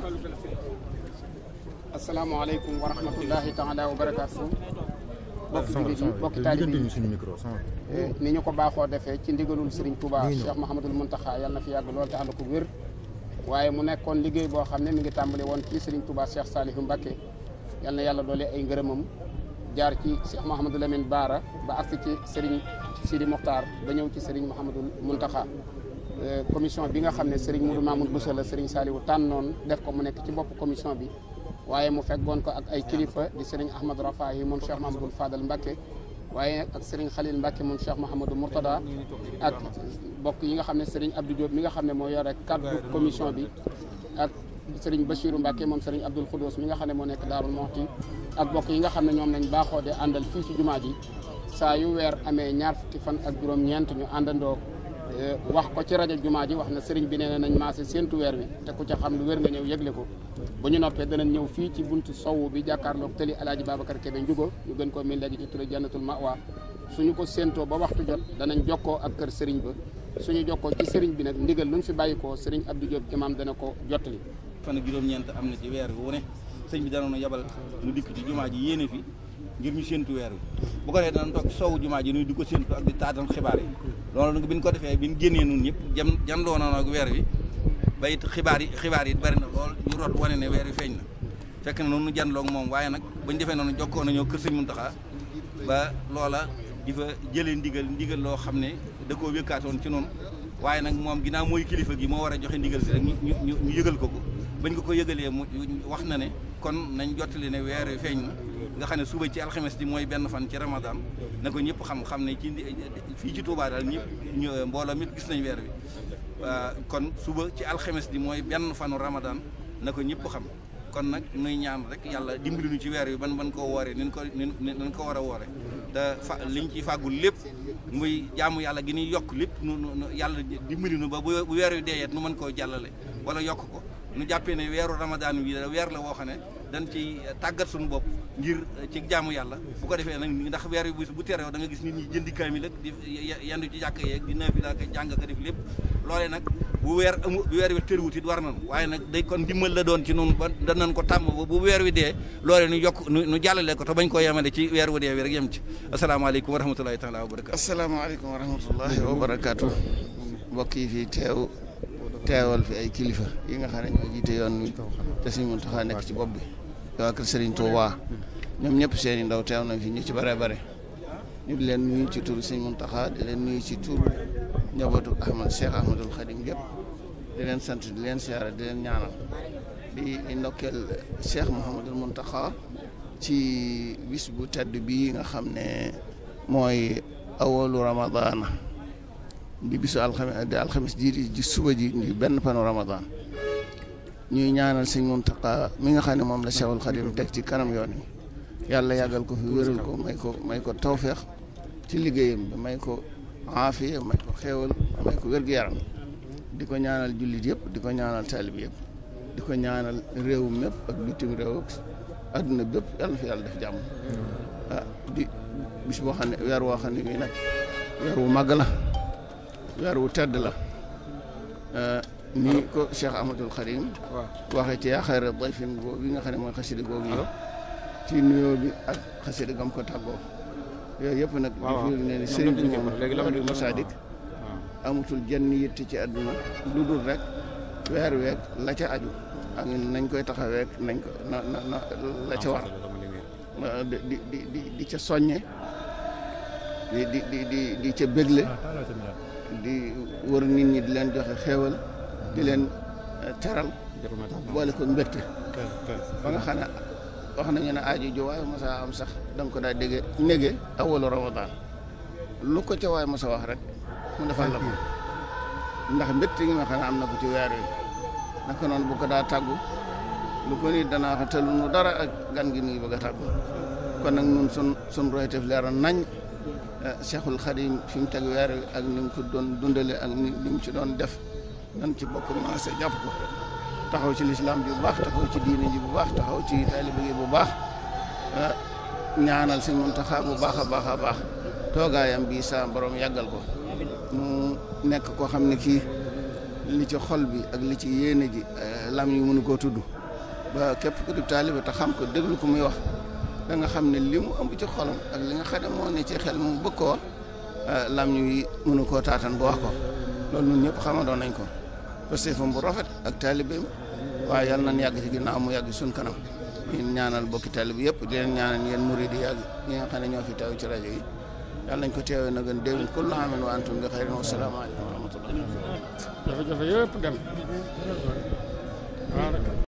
xalif asalaamualeykum wa rahmatullahi taala wa barakaatu bokki jullit yi bokki taalibe yi eh, ni ñu ko baaxoo defee ci ndigalul Serigne Touba Cheikh Mouhamadul Mountakha yàlla na fi yàgg lool te ànd ko wér waaye mu nekkoon liggéey boo xam ne mi ngi tàmbali woon ci Serigne Touba Cheikh Salihu Mbacké yal na yàlla doole ay ngërëmam jaar ci Cheikh Mouhamadou Lamine Baara ba agsi ci Serigne Sidi Mokhtar ba ñëw ci Serigne Mouhamadul Mountakha Euh, commission bi nga xam ne Serigne Modou Mamoun Bousso la Serigne Saliou tànnoon def ko mu nekk ci bopp commission bi waaye mu fekkoon ko ak ay kilifa di Serigne Ahmad Rafahi yi moom Cheikh Mamadou Fadal Mbacke waaye ak Serigne Khalil Mbacke moom Cheikh Mouhamadou Mourtada ak bokk yi nga xam ne Serigne Abdou Diop mi nga xam ne moo yore kaddu commission bi ak Serigne Bachirou Mbacke moom Serigne Abdoul Khoudous mi nga xam ne moo nekk Daarul Moxti ak bokk yi nga xam ne ñoom nañ baaxoo de àndal fii ci jumaa ji saa yu weer amee ñaar fukki fan ak juróom-ñeent ñu àndandoo Euh, wax ko ci rajo jumaa ji wax na sëriñ bi nee nañ maase séentu weer wi te ku ca xam lu wér nga ñëw yëgle ko bu ñu noppee danañ ñëw fii ci bunt sowu bi jàkkaarloog tëli alaaji Babacar Kébé njugo ñu gën ko koo min léegi ci ma waa su suñu ko séentoo ba waxtu jot danañ jokkoo ak kër sëriñ ba suñu jokkoo ci sëriñ bi nag ndigal luñ si bàyyi koo sëriñ Abdou Diop imam dana ko jottali fan juróom-ñeent am na ci weer wu ne sëñ bi danoon yabal ñu dikk ci jumaa ji yéene ngir ñu séntu weer wi bu ko defee soow jumaa ji nuy di ko séntu ak di taatan xibaar yi loolu nag bi ñu ko defee bi ñu génnee noonu ñëpp jam jandoo na ak weer wi ba it xibaar yi xibaar yi bari na lool ñu rot wane ne weer wi feeñ na fekk na noonu jandloog moom waaye nag bañ defee noonu jokkoo nañoo kër sëñ Muntaxa ba loola di fa jële ndigal ndigal loo xam ne da koo wékkaatoon ci noonu waaye nag moom ginnaaw mooy kilifa gi moo war a joxe ndigal rek ñu ñu yëgal ko ko bañ ko ko yëgalee mu wax na ne kon nañ jottali ne weer wi feeñ na nga xam ne suba ci alxames ji mooy benn fan ci ramadan na ko ñëpp xam xam ne ci fii ci Touba daal ñëpp mbooloo mi gis nañ weer bi euh, kon suba ci alxemes ji mooy benn fanu ramadan na ko ñëpp xam kon nag nuy ñaan rek yàlla dimbali nu ci weer bi ban ban koo wooree nin ko nin ko war a woore te fa liñ ci fàggul lépp muy jaamu yàlla gi ñuy yokk lépp nu yàlla dimbali nu ba bu weer wi deeyeet nu mën koo jàllale wala yokk ko nu jàppee ne weeru ramadan wi weer la woo xam ne dañ ci tàggat suñu bopp ngir eh, ci jaamu yàlla bu ko defee nag ndax weer yu bu teroo da nga gis nit ñi jëndi kaamil ak di yandu ci jàkk yeeg di naafila ka jàng ka def lépp loole nag bu weer amu weer wi tërwut it war nañ waaye nag day kon ndimbal la doon ci noonu ba danañ ko tàmm ba bu weer wi dee loole nu yokk nu jàllale ko te ko koo yemale ci weer wu dee wi rek yem ci asalaamaaleykum wa rahmatulahi taala wa barakaatu asalaamaaleykum wa rahmatulahi wa barakaatu mbokk yi fii teew teewal fi ay kilifa yi nga xam ne ñoo jiite yoon te suñ mën taxaa ci bopp bi waa kër Serigne Touba ñoom ñëpp seen ndaw teew nañ fi ñu ci bare bare ñu di leen nuyu ci turu Serigne Mountakha di leen nuyu ci turu njabootu Ahmad Cheikh Ahmadul Khadim yëpp di leen sant di leen siyaare di leen ñaanal di ndokkeel Cheikh Mouhamadul Mountakha ci bis bu tedd bi nga xam ne mooy awalu Ramadana di bisu alxames di alxames ji di suba ji benn panu Ramadana. ñuy ñaanal sëñ Muntaqa mi nga xam ne moom la Seexul Xadim teg ci kanam yoon wi yàlla yàggal ko fi wéral ko may ko may ko ci liggéeyam bi may ko aafiya may ko xéewal may ko wér-gu-yaram di ko ñaanal jullit yëpp di ko ñaanal taalib yëpp di ko ñaanal réew mépp ak bitim réew ak adduna bépp yàlla fi yàlla def jàmm ah, di bis boo xam ne weer woo xam ne bii nag weer wu màgg la weer wu tedd la ah, ni ko Cheikh Ahmadul Karim waxee ci yaa xayra dayfin boobu nga xam ne mooy xasida googu yi ci nuyoo bi ak xasida gam ko tàggoo yooyu yëpp nag difir ne ni sëriñ bi moom jenn yitt ci àdduna lu dul rek la ca aju ak nañ koy taxaweek nañ ko na na na la ca war di di di di ca soññe di di di di di ca bégle di nit ñi di leen joxe xéewal di leen eh, teral boole ko mbégte ba nga xam ne wax nañu ne aajo ju waaye mosa am sax da ko daa dégge nége awalu ramadan lu ko ca waay mosa wax rek mu defal la ko ndax mbégte gi nga xam am na ko ci weer yi naka noonu bu ko daa tàggu lu ko nit danaa xa telu dara ak gan gi nuy bëgg a tàggu kon nag nun sun sun royteef leera nañ Cheikhul eh, Khadim fi mu teg weer wi ak ni mu ko doon dundale ak ni mu ci doon def nan ci bokk maase jàpp ko taxaw ci lislaam ji bu baax taxaw ci diine ji bu baax taxaw ci taalibe bi bu baax ah, ñaanal sëñ Muntaxa bu baax a baax a baax toogaayam bii saa borom yàggal ko mu nekk koo xam ne kii li ci xol bi ak li ci yéene ji eh, lam yi mënu koo tudd ba képp ku di taalibe te xam ko déglu ko muy wax da nga xam ne li mu ëmb ci xolam ak li nga xam moo ne ci xel mu bëgg ko eh, lam yi mënu koo taatan bu wax ko loolu ñun ñëpp xamadoon nañ ko pasteefam bu rafet ak taalibeem waaye yal nañ yàgg ci ginnaaw mu yàgg suñ kanam ñun ñaanal bokki taalibe yëpp di leen ñaanal yéen murid yi yàgg ñi nga xam ne ñoo fi teew ci rajo yi yal ko teewee na gën déwén kullu wa antum bi xayrin wa salaamu aleykum wa rahmatullah jafe-jafe dem